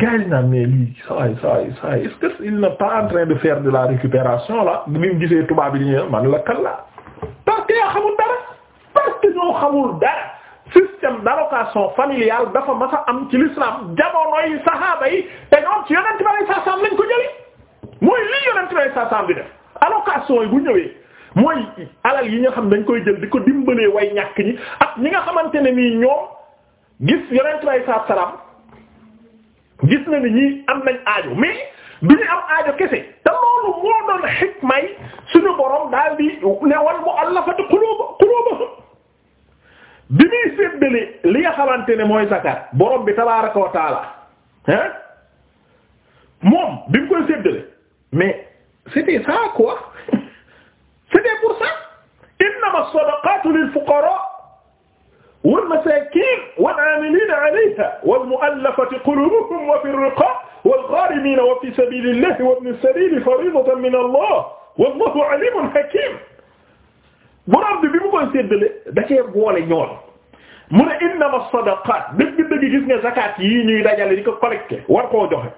gars yi naan mais lii sawaay sawaay sawaay est-ce que il n'est pas en train de faire de la récupération là bi mu gisee tubaab yi ñu man la kan la parce xamul dara parce que xamul dara système d'allocation familiale dafa mas a am ci l'islam jamonoy yi te ñoom ci yonent bi saa saam lañ ko jëlee mooy lii yonent bi saa saam bi def allocation yi bu ñëwee mooy alal yi nga xam dañ koy jël di ko dimbalee way ñàkk ñi ak ñi nga xamante ne nii ñoom gis gis na ni ñi am nañ aajo mais bi ñu am aajo kese te loolu moo doon xikma yi suñu borom daal di ne wal mu'allafati quluuba quluuba bi muy séddale li nga xamante ne mooy zakat borom bi tabaaraka wa taala moom bi mu koy séddale mais c'était ça quoi c'était pour ça innama as-sadaqatu lil fuqara wal masakin ilayha wal mu'allafati qulubuhum wa fi riqaab wal ghaarimiina wa fi sabiilillahi wa ibni sabiili fariidatan min Allah wallahu aliimun hakiim borom bi bi mu koy séddale da cee boole ñoom mu ne innama sadaqaat dëgg-dëgg gis nga zakat yii ñuy dajale di ko collecté war koo joxe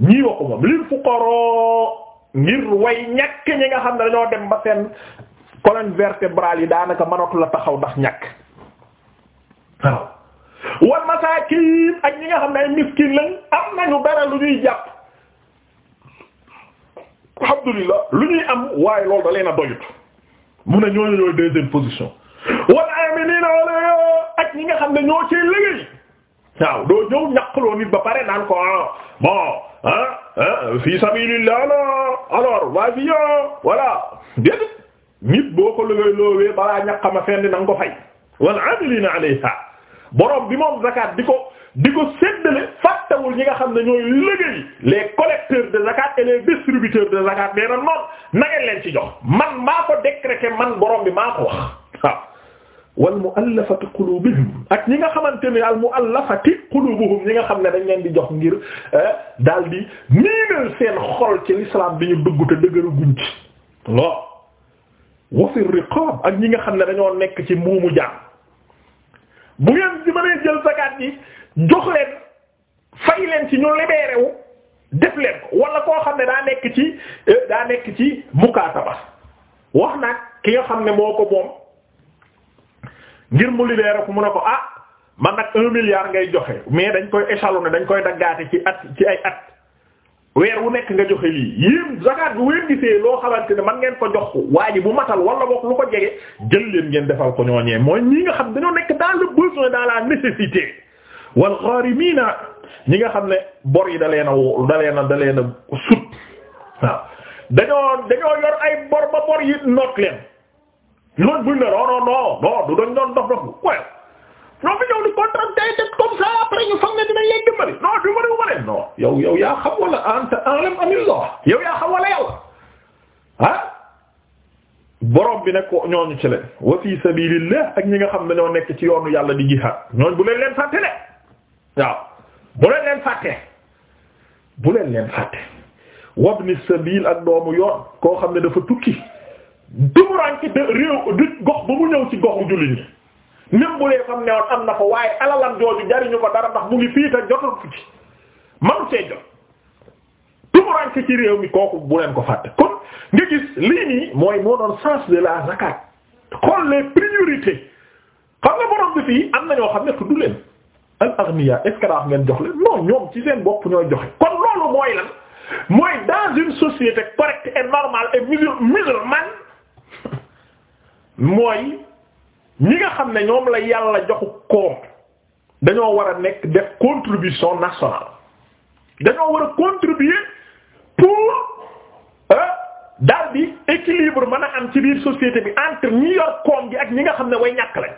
ñii wax ko moom lil fuqaraa ngir way ñàkk ñi nga xam ne dañoo dem ba seen colonne vertébrale yi daanaka mënatu la taxaw ndax ñàkk waaw. wal masaakiin ak ñi nga xam ne ay miskin lañ am nañu dara lu ñuy jàpp alhamdulillah lu ñuy am waaye loolu da leen a doyut mu ne ñooñu ñooy deuxième position wal aminiina wala ak ñi nga xam ne ñoo ciy liggéey waaw doo ñëw ñaqloo nit ba pare naan ko ah bon ah ah fi sabilillah alors alors vas-y ah, boo ko liggéey loowee balaa ñaqama fenn na nga fay wal amilina alayha borom bi moom zakat di ko di ko séddale fàttawul ñi nga xam ne ñooy liggéey les collecteurs de zakat et les distributeurs de zakat nee na noonu na leen ci jox man maa ko décréter man borom bi maa ko wax waaw wal mu'allafati qulubuhum ak ñi nga xamante ne al mu'allafati qulubuhum ñi nga xam ne dañ leen di jox ngir eh, daal di seen xol ci l'islam bi ñu dugg te dëgëru guñ ci lool wa riqab ak ñi nga xam ne dañoo nekk ci muumu jaam bu ngeen ma mënee jël zakat yi jox leen fay leen ci ñu libéré wu def leen ko wala koo xam ne daa nekk ci euh, daa nekk ci mukaataba wax nag ki nga xam ne moo ko moom ngir mu libéré ko mu ne ko ah man nag un milliard ngay joxe mais dañ koy échelonné dañ koy daggaate ci at ci ay at. weer wu nekk nga joxe lii yéen zakat bu wéen gisee loo xamante ne man ngeen ko jox ko waa bu matal wala boog lu ko jege jël leen ngeen defal ko ñooñee mooy ñi nga xam dañoo nekk dans le besoin dans la nécessité wal gharimina nga xam ne bor yi da a da leen a waaw dañoo yor ay bor ba bor yi noot leen loolu buñ ne non non non non dof dof ñoom ñëw di contracté comme ça après ñu foog ne dinañ leen dimbali non dimbali wu ma leen non yow yow yaa xam wala anta a'lam amillah yow yaa xam wala yàlla ah borom bi nekk ñooñu ci leen wa fi ak ñi nga xam ne dañoo nekk ci yoonu yàlla di jihaad ñooñu bu leen leen fàtte de waaw bu leen leen fàtte bu leen leen fàtte wabni sabil ak doomu yoon koo xam ne dafa tukki dumuranke de réew de gox ba mu ñëw ci goxu jullit ñi même bu dee fam ne am na ko waaye alalam jooju jariñu ko dara ndax mu ngi fii te jotul ci man see jot tumuranke ci réew mi kooku bu leen ko fàtte kon nga gis lii nii mooy moo doon sens de la zakat xool les priorités xam nga borom bi fii am na ñoo xam ne tudd leen al aghniya est-ce que daax ngeen jox leen non ñoom ci seen bopp ñooy joxe kon loolu mooy lan mooy dans une société correcte et normale et musulmane mooy ñi nga xam ne ñoom la yàlla joxu koom dañoo war a nekk def contribution nationale dañoo war a contribuer pour daal équilibre mën a am ci biir société bi entre ñi yor koom gi ak ñi nga xam ne way ñàkk lañ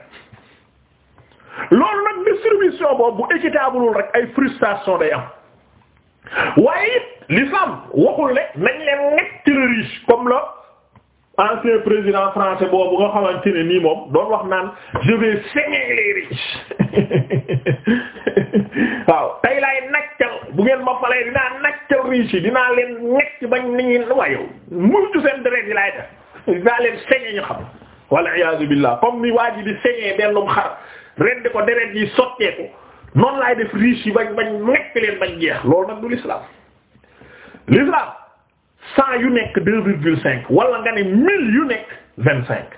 loolu nag distribution boobu bu équitableul rek ay frustration day am waaye it l'islam waxul ne nañ leen nekk ci le riche comme la ancien président français boobu nga xamante ne nii moom doon wax naan je vais saigner les riches waaw tey laay naccal bu ngeen ma falee dinaa naccal riches yi dinaa leen necc bañ ni ñuy wayow muytu seen deret yi laay def dinaa leen saigner ñu xam wal iyaazu billah comme ni waa ji di saigner bennum xar ren di ko deret yi sotteeku noonu laay def riches yi bañ bañ necc leen bañ jeex loolu nag du l'islam l'islam cent yu nekk deux virgule wala nga ne mille yu nekk vingt cinq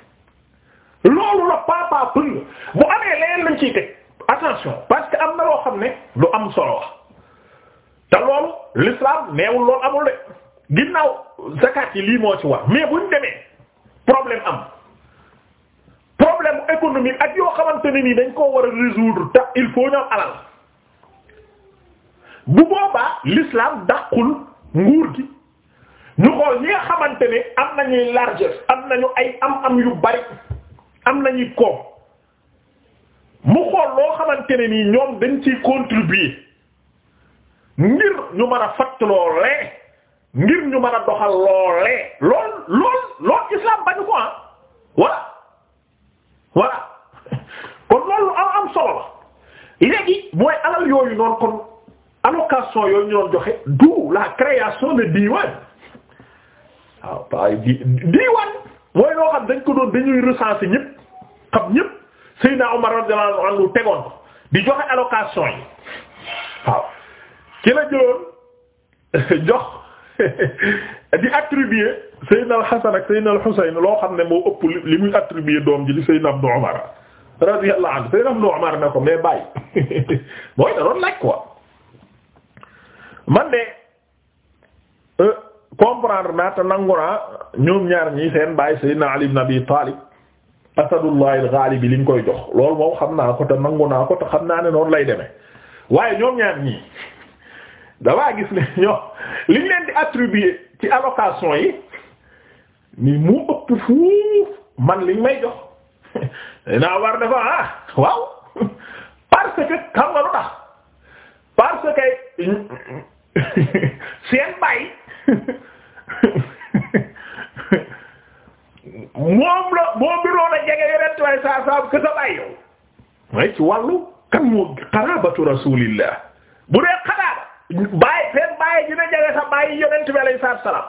loolu la papa pël bu amee leneen lañ ci teg attention parce que am na loo xam ne lu am solo te loolu l'islam neewul loolu amul de ginnaaw zakat yi lii moo ci wax mais buñ demee problème am problème économie ak yoo xamante ne nii dañ koo war a résoudre te il faut ñu am alal bu boobaa l'islam dàqul nguur gi ñu xool ñi nga xamante ne am nañuy largesse am nañu ay am-am yu bari am nañuy koom mu xool loo xamante ne nii ñoom dañ ci contribuer ngir ñu mën a fatt loolee ngir ñu mën a doxal loolee lool lool lool islam bañu ko ah voilà voilà kon loolu am am solo la léegi mooy alal yooyu noonu kon allocation yooyu ñu doon joxe d'où la création de diwaan waaw ah, paa di diiwaan mooy loo xam dañ ko doon dañuy recenser ñëpp xam ñëpp Seydina Omar radiyallahu anhu tegoon di joxe allocation yi waaw ki jox di attribuer Seydina al-Hasan ak Seydina al-Husayn loo xam ne moo ëpp li muy attribuer doom ji li Seydina Ibn Omar radiyallahu anhu Seydina Ibn Omar ne ko mais bàyyi mooy da doon laaj quoi man de. Euh, comprendre naa te nangu naa ñoom ñaar ñi seen baay Seydina Ali ibn Abi Talib asadullahi al-ghalib li ñu koy jox loolu moom xam naa ko te nangu naa ko te xam naa ne noonu lay demee waaye ñoom ñaar ñi dafaa gis ne ñoom liñ leen di attribuer ci allocation yi ni mu ëpp fuuf man liñ may jox naa war dafa ah waaw parce que xam nga lu tax parce que seen baay moom la boo biroon a jege yonent way saa saa ko sa bàyyi yow waaye ci wàllu kan moo xaraabatu rasulillah bu dee xaraaba bàyyi seen bàyyi dina jege sa bàyyi yonent bi alayhi salaatu salaam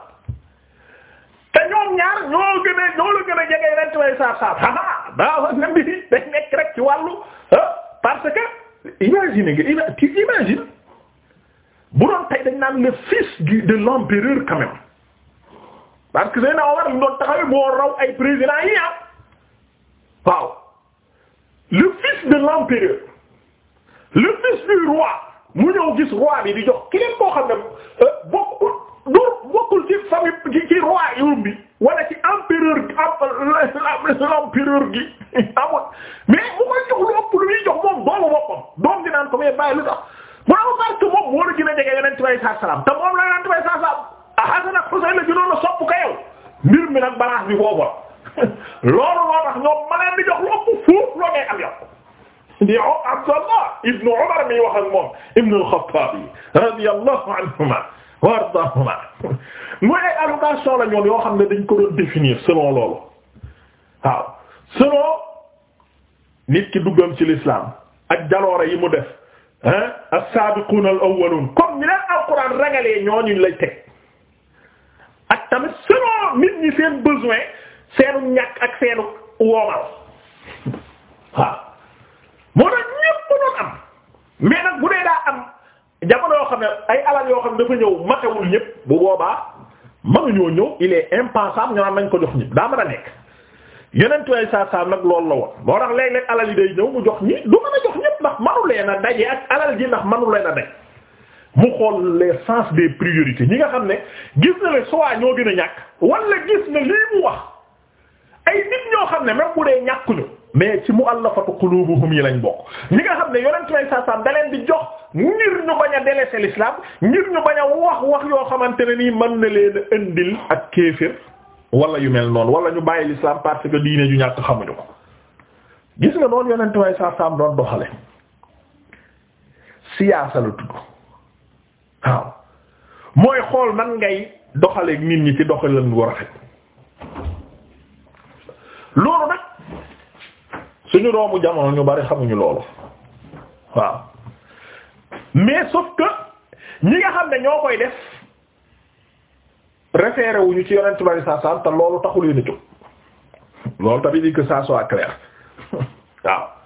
te ñoom ñaar ñoo gën a ñoo la gën a jege yonent way saa saa ah daa wax na mbiri day nekk rek ci wàllu ah parce que imagine nga tu imagine bu doon tey dañ naan le fils de l'empereur quand parce que Seydina Omar li doon taxawee moo raw ay président yi ah waaw le fils de l'empereur le fils du roi mu ñëw gis roi bi di jox keneen koo xam ne euh, bokk du bokkul ci famille ci roi yum wala ci empereur euh, l'empereur gi amul mais bu koy jox lu ëpp lu muy jox moom doomu boppam doom di naan ko mais bàyyi lu tax mu ne parce que moom moo la gën a jege Yonent bi sallallahu alayhi wasallam te moom la Yonent bi sallallahu Hasan ak Husayn la gënoon a sopp ka yow mi nag balance bi foofu la loolu moo tax ñoom ma leen di jox lu fuuf loo ngay am yow. di Abdallah ibn Umar mi wax ak moom ibn al-Khattab radiyallahu anhuma wa ardaahuma mooy ay allocation la ñoom yoo xam ne dañ ko doon définir selon loolu waaw selon nit ki duggam ci l'islam ak jaloore yi mu def ah as-sabiquna al-awwalun comme ni leen alquran ragalee ñooñu lay teg ak tamit selon nit ñi seen besoin seenu ñàkk ak seenu woomal waaw moo tax ñépp doon am mais nag bu dee daa am jamono yoo xam ne ay alal yoo xam ne dafa ñëw matewul ñépp bu boobaa mënuñoo ñëw il est impensable ñu naan nañ ko jox ñépp daa mën a nekk yeneen tuwaay saa saa nag loolu la woon moo tax léeg-léeg alal yi day ñëw mu jox ñi du mën a jox ñépp ndax manu a daje ak alal ji ndax manu leen a daje. mu xool les sens des priorités ñi nga xam ne gis na le soit ñoo gën a ñàkk wala gis na lii mu wax ay nit ñoo xam ne même bu dee ñàkkuñu mais ci mu'allafatu qulubuhum yi lañ bokk ñi nga xam ne yonent may sasam da leen di jox ngir ñu bañ a délaisser l'islam ngir ñu bañ a wax wax yoo xamante ne nii mën na leen a indil ak kéefir wala yu mel noonu wala ñu bàyyi l'islam parce que diine ñu ñàkk xamuñu ko gis nga noonu yonent may sasam doon doxale siyaasa la tudd mooy xool nan ngay doxaleek nit ñi ci doxalan bu rafet loolu nag suñu doomu jamono ñu bari xamuñu loolu waaw mais sauf que ñi nga xam ne ñoo koy def référé ci yonent bari saa saa te loolu taxul leen a jóg loolu tamit di que ça soit clair waaw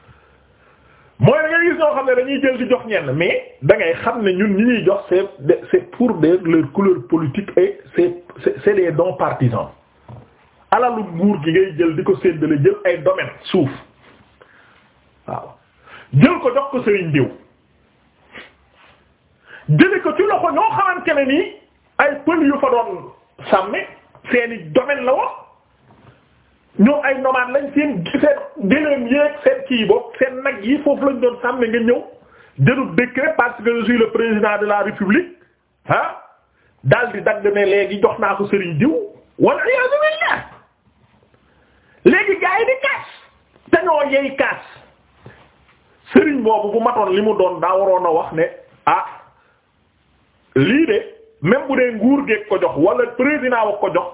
mooy da gis ñoo xam ne dañuy jël di jox ñenn mais da ngay xam ne ñun ñu ñuy jox c'est c'est pour des leur couleur politique et c'est c'est des dons alalu nguur gi ngay jël di ko séddale jël ay domaine suuf waaw jël ko jox ko sëriñ diw jëli ko ci loxo ñoo xamante ne nii ay pël yu fa doon sàmme seeni domaine la wax ñoo ay nomades lañ seen seen gëléem seen kii bopp seen nag yi foofu lañ doon sàmm nga ñëw jëlut décret parce que je suis le président de la république ah daal di dagg ne léegi jox naa ko sëriñ diw wala iyaazu billah matoon li mu doon daa waroon a wax ne ah lii de même bu dee nguur geeg ko jox wala président wa ko jox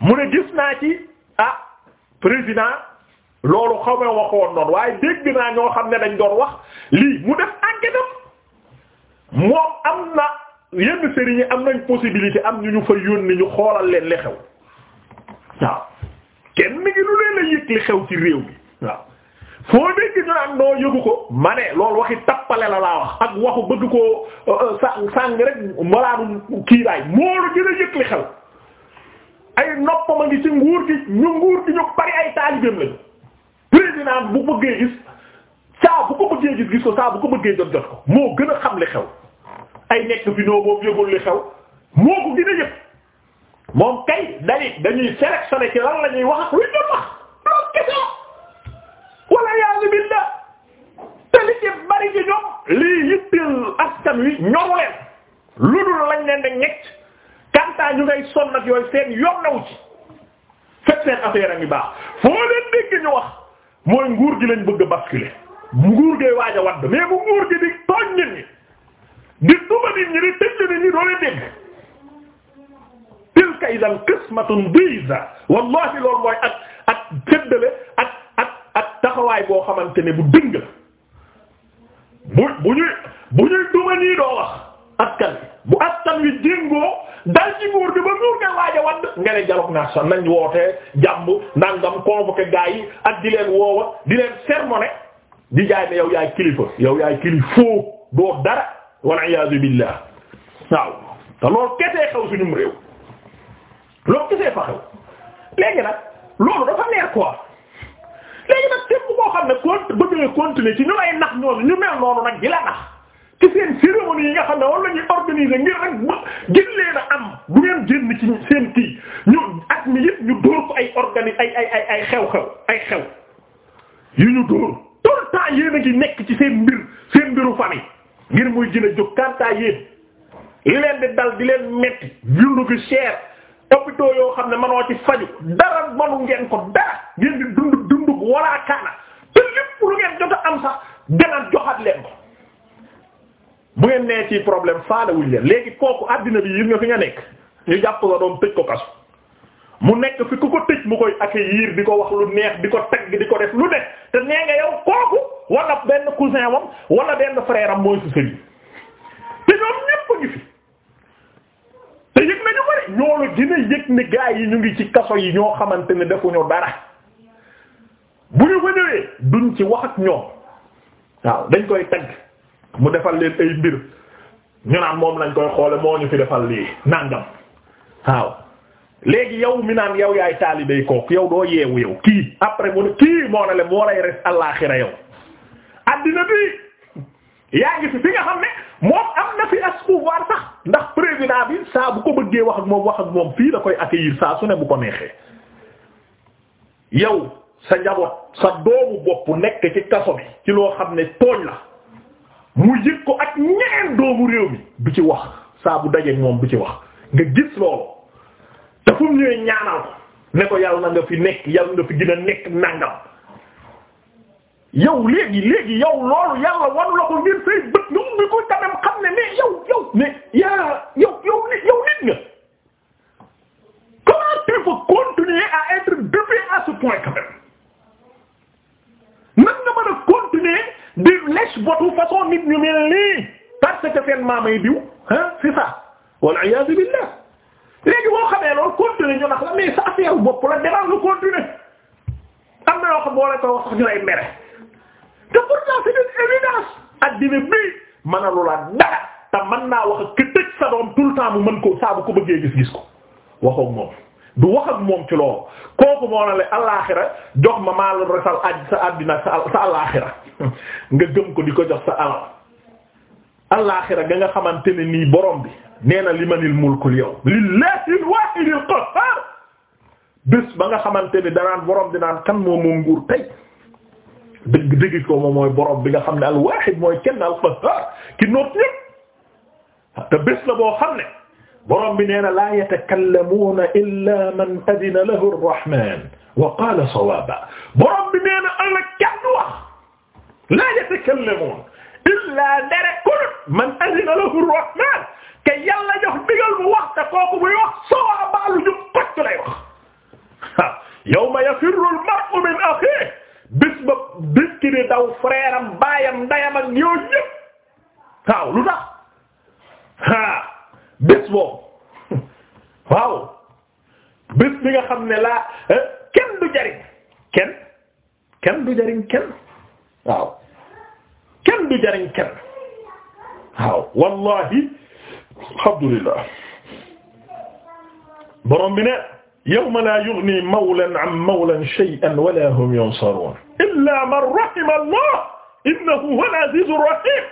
mu ne gis naa ci ah. président loolu xaw ma waxoon noonu waaye dégg naa ñoo xam ne dañ doon wax lii mu def enquête am moom am na yenn sëriñ am nañ possibilité am ñu ñu fa yónni ñu xoolal leen li xew waaw kenn ngi lu leen la yëg li xew ci réew mi waaw foo dégg ñu am noo yëgu ko ma ne loolu waxi tappale la laa wax ak waxu bëgg koo sa euh, euh, sàng rek malaanum kii laay moo la gën a yëg xew ay noppam a ngi ci nguur gi ñu nguur gi ñu bari ay taalibeem lañu président bu bëggee gis saa bu ko bëggee gis gis ko saa bu ko bëggee jot jot ko moo gën a xam li xew ay nekk fi noo boobu yëgul li xew moo moom kay dali dañuy sélectionné ci lan la wax lu ñu wax loolu kese wala yaa billah te li kantaa ñu ngay sonn yooyu seen yoon naw ci fekk seen affaire a ngi baax foo leen dégg ñu wax mooy nguur gi lañ bëgg a basculer nguur gee waaj wadd mais bu nguur gi di tooñ nit di duma nit ñi di tëj nit doo leen dégg tilka idan qismatun diza wallahi loolu mooy ak ak séddale ak ak ak taxawaay boo xamante ne bu dëng la bu bu ñuy duma nii doo wax askan bi bu askan wi jéngoo dal ci nguur bi ba nguur nga waaj a nga ne dialogue national nañ wootee jàmm nangam convoqué gaa yi ak di leen woowa di leen sermoné di jaay ne yow yaay kilifa yow yaay kilifa doo dara wal iyaazu billah waaw te loolu kesee xaw suñum réew loolu kesee fa xaw léegi nag loolu dafa leer quoi léegi nag képp koo xam ne continuer ci ñu lay nax ñoonu ñu mel noonu nag di la nax ci seen cérémonie yi nga xam ne wala ñuy organiser ngir rek ba gën leen a am bu ngeen génn ci seen kii ñu at mi yëpp ñu dóor ko ay organi ay ay ay ay xew-xew ay xew yu ñu dóor tout le nekk ci seen mbir seen mbiru famille ngir muy gën a jóg kantaa yéen leen metti yundu gi cher hôpitaux yoo xam ne manoo ci faju dara manu ngeen ko dara ngeen di lu ngeen jot am sax gën joxaat leen ko bu ngeen nee ci problème faalewuñ leen léegi kooku àddina bi yir nga fi nga nekk ñu jàpp la doom tëj ko kasu mu nekk fi ku ko tëj mu koy accueillir di ko wax lu neex di ko teg di ko def lu nekk te nee nga yow kooku wala benn cousin wam wala benn frère am mooy si sëriñ te ñoom ñépp a ngi te yëg nañu bari ñoo la gën yëg ni gaa yi ñu ngi ci kaso yi ñoo xamante ne defuñu dara bu ñu fa ñëwee duñ ci wax ak ñoom waaw dañ koy tagg mu defal leen ay mbir ñu naan moom lañ koy xoole moo ñu fi defal lii nangam waaw léegi yow mi naan yow yaay taalibey kook yow doo yeewu yow kii après mu ne kii moo ne le moo lay res àllaaxira yow addina bi yaa ngi fi fi nga xam ne moom am na fi as pouvoir sax ndax président bi saa bu ko bëggee wax ak moom wax ak moom fii da koy accueillir saa su ne bu ko neexee yow sa njaboot sa doomu bopp nekk ci kaso bi ci loo xam ne tooñ la mu yëg ko ak ñeneen doomu réew mi du ci wax saabu bu dajeeg moom du ci wax nga gis loolu te mu ñëwee ñaanal ko ne ko yàlla nga fi nekk yàlla nga fi gën a nekk nangam yow léegi léegi yow loolu yàlla wanu ko ngir say bët nga umbi ko tamit xam ne mais yow yow mais yaa yow yow yow nit nga comment tu peux continuer à être ce point quand di lech botu façon nit ñu mel nii parce que seen maamay diw ah c'est ça wal iyaazu billah léegi boo xamee loolu continuer ñu nax la mais sa affaire bopp la demal lu continuer am na yoo xam boo la ko wax ñu lay mere te pourtant c'est une évidence addina bii mën a loola dara te mën naa wax ak tëj sa doom tout le temps mu mën ko saa ko bëggee gis-gis ko waxoog moom du wax ak moom ci loolu kooku moo na le alaaxira jox ma maa la resal aj sa addina sa alaaxira nga gëm ko di ko jox sa alal ga nga xamante ne nii borom bi nee na limanil mulkul yow lillahil waahidil qahhaar bés ba nga xamante ni danaan borom di naan kan moom moom nguur tey ko moom mooy borom bi nga xam ne al waahid mooy kenn al qahhaar ki la boo xam ne borom bi nee na laa yatakallamuuna man adina lahu ar wa qaala sawaaba borom bi nee na laa yatakallamuun illaa dara kulut man azina lahu rahmaan ke yàlla jox digal mu wax te kooku wax soo baalu ñu lay wax yawma yafirru al-mar'u min akhiihi bis ba bis ki di daw frère am baayam ndeyam ak ñoo ñëpp waaw lu tax ah bés boobu waaw bés bi xam ne laa eh, kenn du waaw kenn du jariñ kenn waaw wallahi alhamdulillah borom bi ne yawma la yughni mawlan an mawlan shay'an wala hum yunsarun illa man rahima allah innahu huwa al-aziz ar-rahim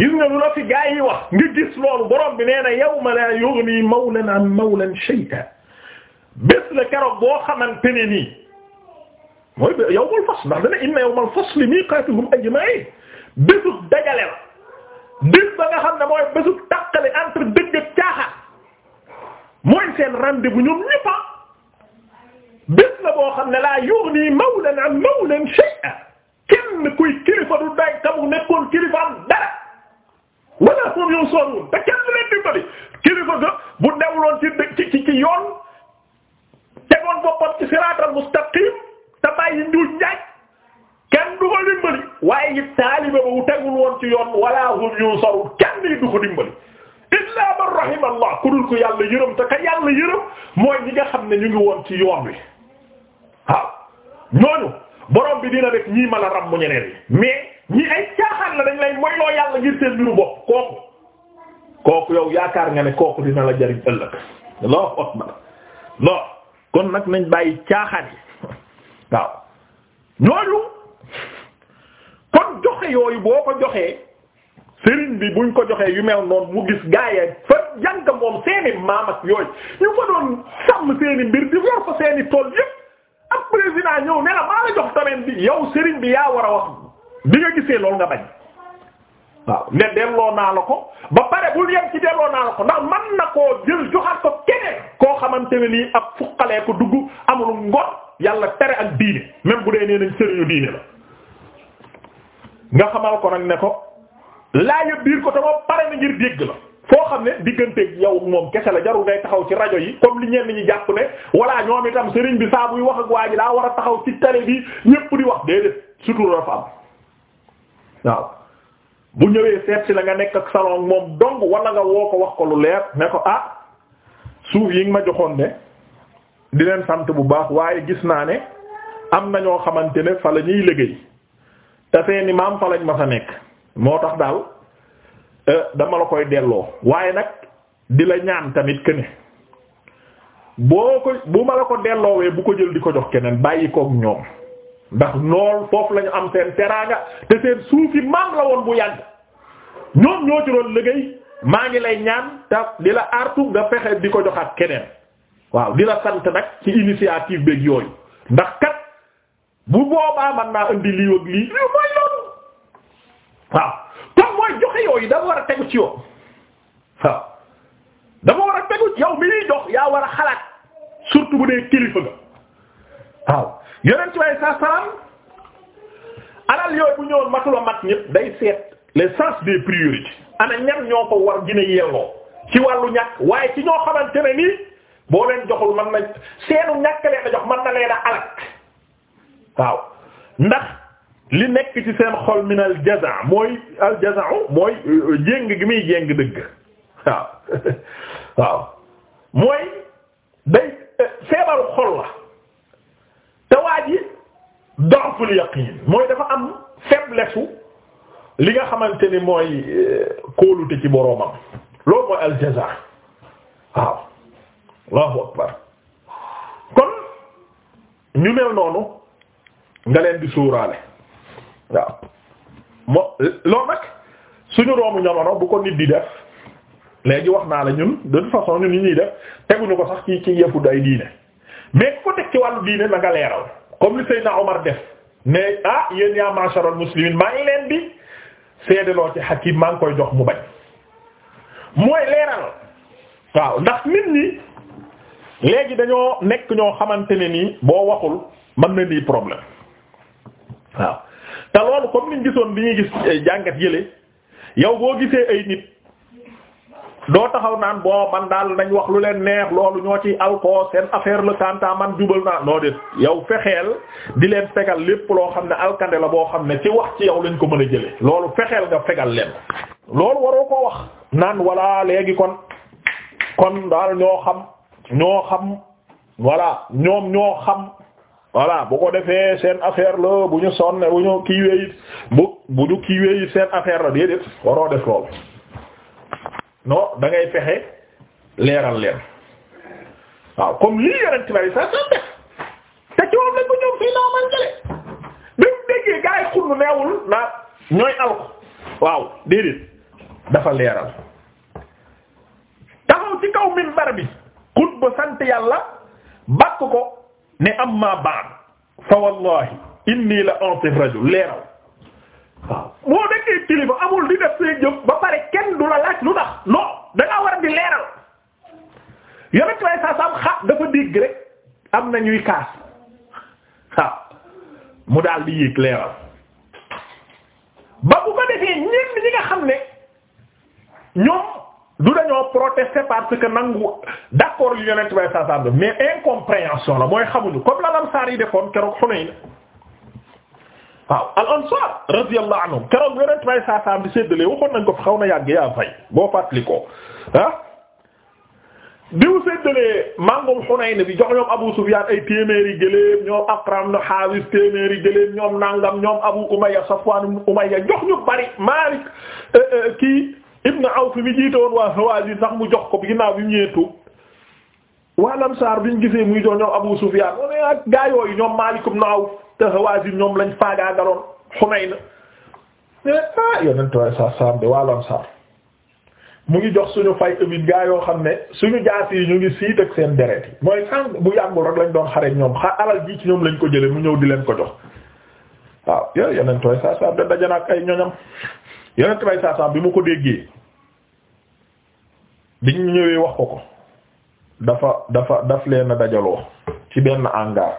gis nga lu la fi gaa yi wax nga gis loolu borom bi nee na yawma la yughni mawlan an mawlan shay'an bés la keroog boo xamante ne nii mooy yawmal fasl ndax dana inna yawmal fasli miqaatuhum ajma'in bésu dajale la bés ba nga xam ne mooy bésu tàqale entre dëgg ak caaxaan mooy seen rendez-vous ñoom ñëpp ah. bés la boo xam ne laa yughni mawlan an mawlan shay'a kenn kuy kilifa du day kamu nekkoon kilifaam dara wala moom yow soorul te kenn leen dimbali kilifa ga bu newloon ci ci ci yoon tegoon boppam ci siraatal mustaqim bàyyi njuuj njaaj kenn du ko dimbali waaye it taaliba ba bu tegul woon ci yoon wala hum yunsaru kenn du ko dimbali illaa man rahimallah ku dul ko yàlla yërëm te ka yàlla yërëm mooy ñi nga xam ne ñu ngi woon ci yoon wi waaw ñooñu borom bi dina def ñii mën a ram mu ñeneen yi ñi ay caaxaan la dañ lay mooy loo yàlla ngir seen mbiru bopp kooku kooku yow yaakaar nga ne kooku dina la jariñ ëllëg loo ot loo kon nag nañ bàyyi caaxal waaw ñooñu kon joxe yooyu boo ko joxee sëriñ bi buñ ko joxee yu mel noonu mu gis gaaya fa jàng moom seeni maam ak yooyu ñu fa doon sàmm seeni mbir di yor fa seeni tool yépp ak président ñëw ne la maa la jox domaine bi yow sëriñ bi yaa war a wax bi nga gisee loolu nga bañ waaw ne delloo naa la ko ba pare bul yem ci delloo naa la ko ndax man na koo jël joxaat ko keneen koo xamante ne nii ab fuqalee ko dugg amul ngor yàlla tere ak diine même bu dee nee nañ sëriñu diine la nga xamal ko nag ne ko laaya biir ko tama pare na ngir dégg la foo xam ne digganteeg yow moom kese la jarul ngay taxaw ci rajo yi comme li ñenn ñi jàpp ne walla ñoom itam sëriñ bi saa buy wax ak waa ji daa war a taxaw ci télé bi ñépp di wax déedéet surtout dafa am waaw bu ñëwee seet si la nga nekk ak salon moom dong walla nga woo ko wax ko lu leer ne ko ah suuf yi nga ma joxoon ne di leen sant bu baax waaye gis naa ne am na ñoo xamante ne fa la ñuy liggéey te seeni maam fa lañ ma sa nekk moo tax daal euh, dama la koy delloo waaye nag di la ñaan tamit que ne boo ko bu ma la ko delloowee bu ko jël di ko jox keneen bàyyi kook ñoom ndax nool foofu lañu am seen teraanga te seen suufi maam la woon bu yàgg ñoom ñoo ci doon liggéey maa ngi lay ñaan te di la artu nga fexe di ko jox ak keneen. waaw di sant nag ci initiative beeg yooyu ndax kat bu boobaa man naa indi lii ak lii lii mooy loolu waaw kon mooy joxe yooyu dafa war a tegu ci yoon waaw dafa war a tegu ci yow mi ñuy jox yaa war a xalaat surtout bu dee kilifa nga waaw yeneen ci waaye saa salaam alal yooyu bu ñëwoon matula mat ñëpp day seet les sens des priorités ana ñan ñoo ko war gën a ci wàllu ñàkk waaye ci ñoo xamante ne nii. boo leen joxul man na seenu ñàkk leen a jox man na leen a alak waaw ndax li nekk ci seen xol min al jaza mooy al jaza mooy euh, jéng gi muy jéng dëgg waaw waaw mooy day euh, feebaru xol la te waa ji dafa am faiblesse li nga xamante ni mooy euh, kóolute ci boroomam loolu mooy al allahu akbar kon ñu mel noonu nga leen di suuraale waaw moo loolu nag suñu doomu jamono bu ko nit di def léegi wax naa la ñun de toute façon ñun ñi ñuy def teguñu ko sax ci ci yëfu day diine mais ku ko teg ci wàllu diine na leeral comme li Seydina Omar def ne ah yéen yaa ma'sharal muslimin maa ngi leen di seedeloo ci hakim maa ngi koy jox mu bañ mooy leeral waaw ndax nit ñi léegi dañoo nekk ñoo xamante ne nii boo waxul mën na di problème waaw te loolu comme niñ gisoon bi ñuy gis jàngat yële yow boo gisee ay nit doo taxaw naan boo man daal nañ wax lu leen neex loolu ñoo ci alcool seen affaire le kanta man jubal naa noo def yow fexeel di leen fegal lépp loo xam ne alkande la boo xam ne ci wax ci yow lañ ko mën a jële loolu fexeel nga fegal leen loolu waroo ko wax naan walla léegi kon kon daal ñoo xam ñoo xam voilà ñoom ñoo xam voilà bu ko defee seen affaire la bu ñu sonne bu ñu kiiwee it bu bu ñu kiiwee it seen affaire la déedéet waroo def lool non da fexe leeral leen waaw comme lii yonent bari sa sa def te ci moom lañ ko ñoom fii naa man jële bi mu déggee gaa yi neewul naa ñooy alko waaw déedéet dafa leeral taxaw ci kaw minbar bi xutba sant yàlla bàkk ko ne amma ba'd fa wallahi inni la anti rajul waaw boo nekkee kilifa amul di def say jëf ba pare kenn du la laaj lu tax non dangaa war a di leeral yonent lay saa saam xa dafa dégg rek am na ñuy kaas waaw mu daal di yéeg leeral protester parce que nangu d'accord li yonent bay saa saa mais incompréhension la mooy xamuñu comme la lamsaar yi defoon keroog Hunayn waaw al ansar radiyallahu anhum keroog yonent bay saa saa bi séddalee waxoon nañ ko fi xaw na yàgg yaa fay boo fàttali ko ah. diw séddalee màngum Hunayn bi jox ñoom Abu Sufyan ay téeméeri gëléem ñoom Aqram na Haabis téeméeri gëléem ñoom Nangam ñoom Abu Umayya Safwan Umayya jox ñu bari Maalik eh, eh, kii. ibn Awf mi jiite woon waa Hawaazin sax mu jox ko ginnaaw bi mu ñëwee tuub waa Lamsaar bi ñu gisee muy jox ñoom Abu Sufyaan mu ne ak gaa yooyu ñoom Maalik ibn Awf te Hawaazin ñoom lañ faagaagaloon Hunayn ne ah yonent waaye saa saam ngi jox suñu fay tamit yoo xam ne suñu jaas yi ñu ngi siit ak seen mooy sànq bu yàggul doon xare ñoom xa alal ci ñoom lañ ko jëlee mu ñëw di leen ko jox waaw yooyu yonent waaye saa saam de dajana ak ay ñoñam yonent waaye saa bi mu ko déggee biñ ñëwee wax ko ko dafa dafa daf leen dajaloo ci benn hangar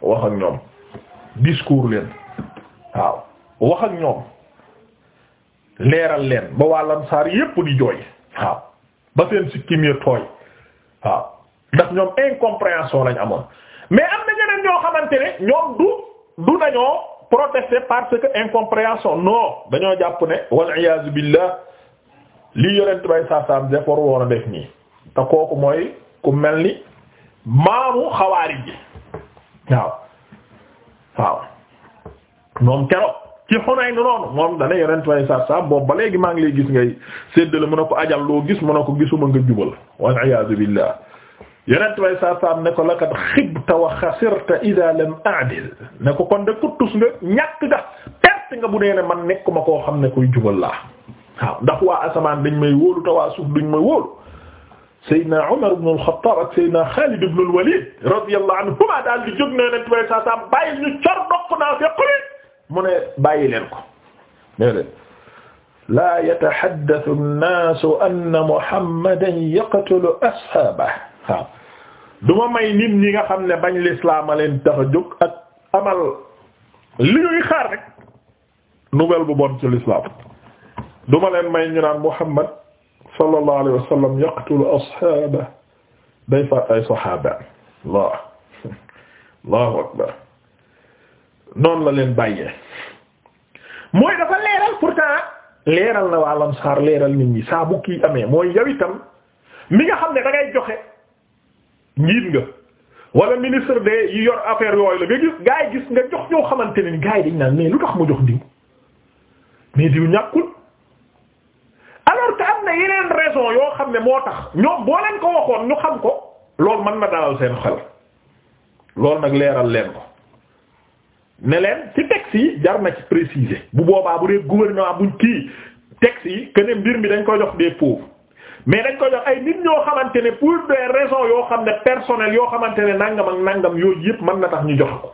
wax ak ñoom discours leen waaw wax ak ñoom leeral leen ba wàllam Ansaar yépp di jooy waaw ba seen sikkim ya tooy waaw ndax ñoom incompréhension lañ amoon mais am na ñeneen ñoo xamante ne ñoom du du nañoo protester parce que incompréhension non dañoo jàpp ne wal iyaazu billah li yonent bay saasaam def war woon a def nii te kooku mooy ku mel ni maamu xawaarij ji waaw waaw moom keroog ci Hunayn noonu moom dana yonent bay saasaam boobu ba léegi maa ngi lay gis ngay séddale mën a ko ajal loo gis mën a ko gisuma nga jubal wal iyaazu billah yonent bay saasaam ne ko laqad xibta wa xasirta idaa lam a'dil ne ko kon de kuttus nga ñàkk nga perte nga bu dee ne man nekkuma koo xam ne koy jubal laa waaw ndax waa asamaan dañ may wóolu te waa suuf duñ may wóolu Seydina Umar ibn al-Khattab ak Seydina Khalid ibn al-Walid radiyallahu daal di jóg nee nañ tubay saa saa bàyyi ñu cor doq naa mu ne bàyyi leen ko nee leen laa yatahaddathu an-naasu anna Muhammadan yaqtulu ashaabahu waaw du ma may nit ñi nga xam ne bañ lislaama leen tax a jóg ak amal li ñuy xaar rek nouvelle bu bon ci lislaam du leen may ñu naan Muhammad sallallahu alayhi wa sallam ashaaba day faat ay sahaaba Allah akbar noonu la leen bàyyee mooy dafa leeral pourtant leeral na waa Ansaar leeral nit ñi saa kii amee mooy yow mi nga ne da ngay joxe njiit nga wala ministre de yi yor affaire yooyu la nga gis yi gis nga jox ñoo xamante ne gaa yi dañ naan mais lu tax mu jox diw mais diw ñàkkul na yeneen raison yoo xam ne moo tax ñoom boo leen ko waxoon ñu xam ko loolu mën na dalal seen xel loolu nag leeral leen ko ne leen ci texte yi jar na ci préciser bu boobaa bu dee gouvernement buñ kii texte yi que ne mbir mi dañ ko jox des pauvres mais dañ ko jox ay nit ñoo xamante ne pour des raisons yoo xam ne personnelles yoo xamante ne nangam ak nàngam yooyu yëpp mën na tax ñu jox ko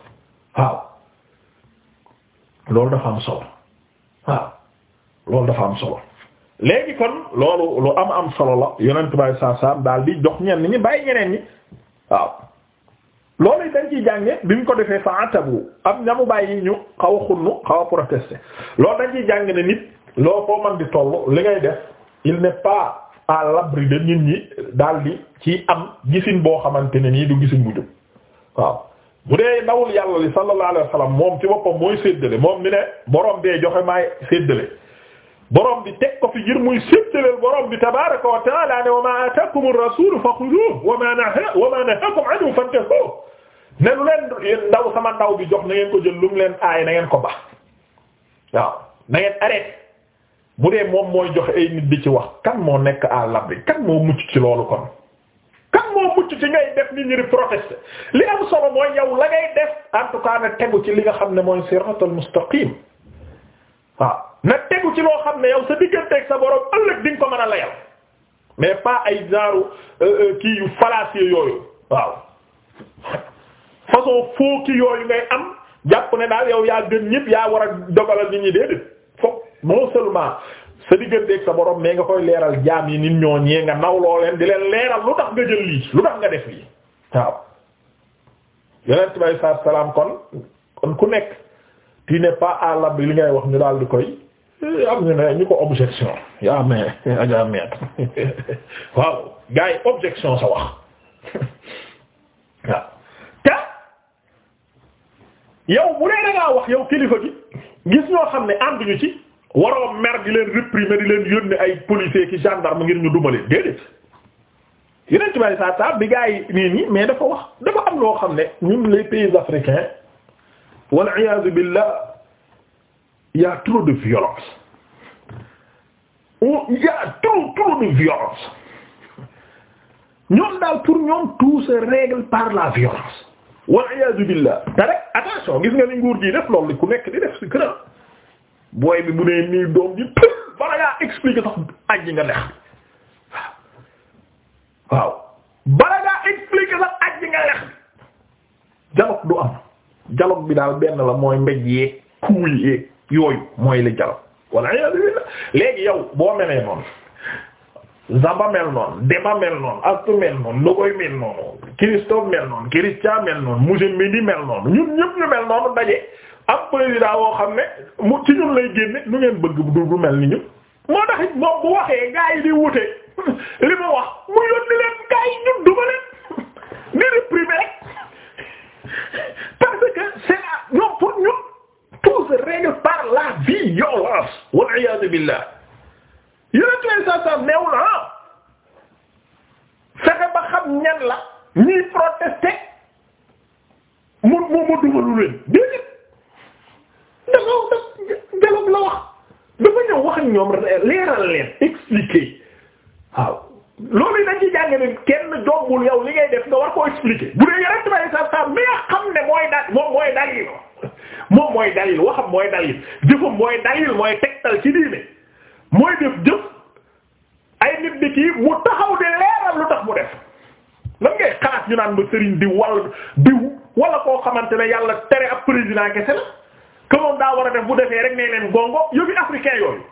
waaw loolu dafa am solo waaw loolu dafa am solo. léegi kon loolu lu am am solo la yonent bay saa saam daal di jox ñenn ñi bàyyi ñeneen ñi waaw loolu dañ ciy jànge bi mu ko defee fa atabu am ñamu bàyyi ñu xaw xunnu xaw a protester loolu dañ ciy jàng ne nit loo koo man di toll li ngay def il ne pas à l'abri de nit ñi daal di ci am gisin boo xamante ne nii du gisin bu jub waaw bu dee ndawul yàlla li sallallahu alayhi wasallam moom ci boppam mooy séddale moom ni ne borom bee joxe maay séddale boroom bi teg ko fi ngir muy séddaleel borom bi tabaaraka wa ta'aala ne wa maa aataakumu rasuulu fa xuduuhu wa maa nahaakum anhu fantahuu ne lu leen ndaw sama ndaw bi jox na ngeen ko jël lu mu leen aay na ko baax waaw na ngeen arrêté dee moom mooy jox ay nit di ci wax kan moo nekk à l'abri kan moo mucc ci loolu kon. kan moo mucc ci ngay def nit ñi di li am solo mooy yow la def en tout cas na tegu ci li nga xam ne mooy siraatal mustaqiim waaw na tegu ci loo xam ne yow sa digganteeg sa borom ëllëg di ko mën a layal mais pas ay genre euh, euh, kii yu fallacieux yooyu waaw façon foo ki yooyu ngay am jàpp ne daal yow yaa gën ñëpp yaa war a dogalal nit ñi déedéet fokk non seulement sa digganteeg sa borom mais nga koy leeral jaam yi nit ñoo ñee nga nawloo leen di leen leeral lu tax nga jël lii lu tax nga def lii waaw. yonent bi sallallahu alayhi wasallam kon kon ku nekk. tu n'es pas à l'abri li ngay wax ñu daal di koy eh, ko objection yaa mais aja waaw gars yi objection sa wax waaw te yow bu dee da wax yow kilifa gi gis ñoo xam ne ànduñu ci waroo mer di leen réprimer di leen yónni ay policier ki gendarme ngir ñu dumale déedéet yeneen ci bari saa saa bi gars yi nii nii mais dafa wax dafa am loo xam ne ñu les pays africains wal iyaazu billah y a violence on y a trop violence ñoom daal pour ñoom tout se règle par la violence wal iyaazu billah te rek gis nga ni nguur gi def loolu ku nekk di def si këram booy bi bu nee nii doom ji tël bala ngaa nga lex waaw bala ngaa expliquer sax lex bi jalog du dialogue bi daal benn la mooy mbéj yeeg kuul yeeg yooyu mooy la dialogue walla léegi yow boo melee noonu Zamba mel noonu Demba mel noonu Astu mel noonu Logoy mel noonu Christian mel noonu monsieur mel noonu daje am woo xam ne mu ci ñun lay génne nu ngeen bëgg du du mel ni ñu. moo tax it waxee gaa di wute li ma wax mu yónni leen gaa yi ñun ni réprimer parce que c'est la ñoom pour ñun tout se règle par la violence wal iyaadu billah yonent lay sa sa neewul ah fexe ba xam ñan la ñuy protester mu mu mu dugalu leen déedéet dafa daf dialogue la wax dafa wax ñoom leeral leen expliquer waaw loolu yi dañ ci jàng ne kenn jombul yow li ngay def nga war koo expliquer bu dee yonent bi sa sa mi nga xam ne mooy da moom mooy dalil moom mooy mooy dalil jëfam mooy dalil mooy tegtal ci diine mooy def jëf ay nit di kii mu taxaw di leeral lu tax mu def lan ngay xalaat ñu naan ma sëriñ di wal di walla koo xamante ne yàlla tere ab président kese la que moom daa war a def bu defee rek nee leen gongo yóbbi africain yooyu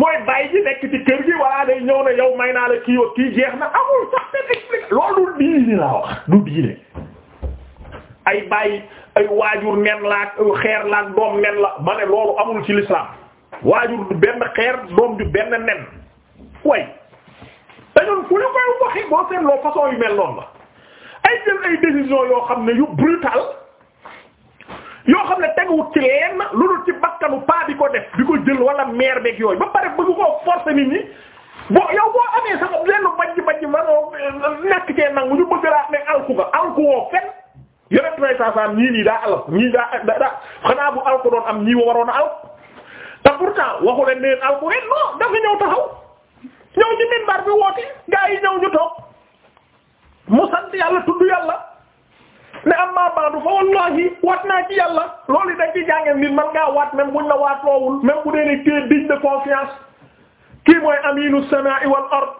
mooy bàyyi ji nekk ci kër gi walla day ñëw na yow may naa la kii wa kii jeex na amul sax te explique loolu du diine wax du diine ay bàyyi ay waajur nen laa ak xeer la ak doom nen la ma ne loolu amul ci l'islam waajur du benn xeer doom du benn nen way dañoon fu la koy waxi boo seen loo façon yu mel noonu la ay jël ay décision yoo xam ne yu brutal yoo xam ne teguwut ci lenn lu dul ci bakkanu paa bi ko def di ko jël wala meer beeg yooyu ba pare bëgg koo forcer nit ñi boo yow boo amee sax lenn bajj bajj manoo nekk cee nangu ñu bëgg laa ne alku nga alku woo fenn yonent nay saasaam ñii nii daa alal ñii daa daa xanaa bu alku doon am ñii waroon a alku te pourtant waxu leen neen alku ngeen non dafa ñëw taxaw ñëw ci minbar bi woote gaa ñëw ñu toog mu sant yàlla tudd yàlla ne amma baadu fa wallahi waat naa ci yàlla loolu dañ ci jàngee nit man ngaa waat même buñ la na loowul même bu dee ne kii digne de confiance kii mooy aminu samaa'i wal ard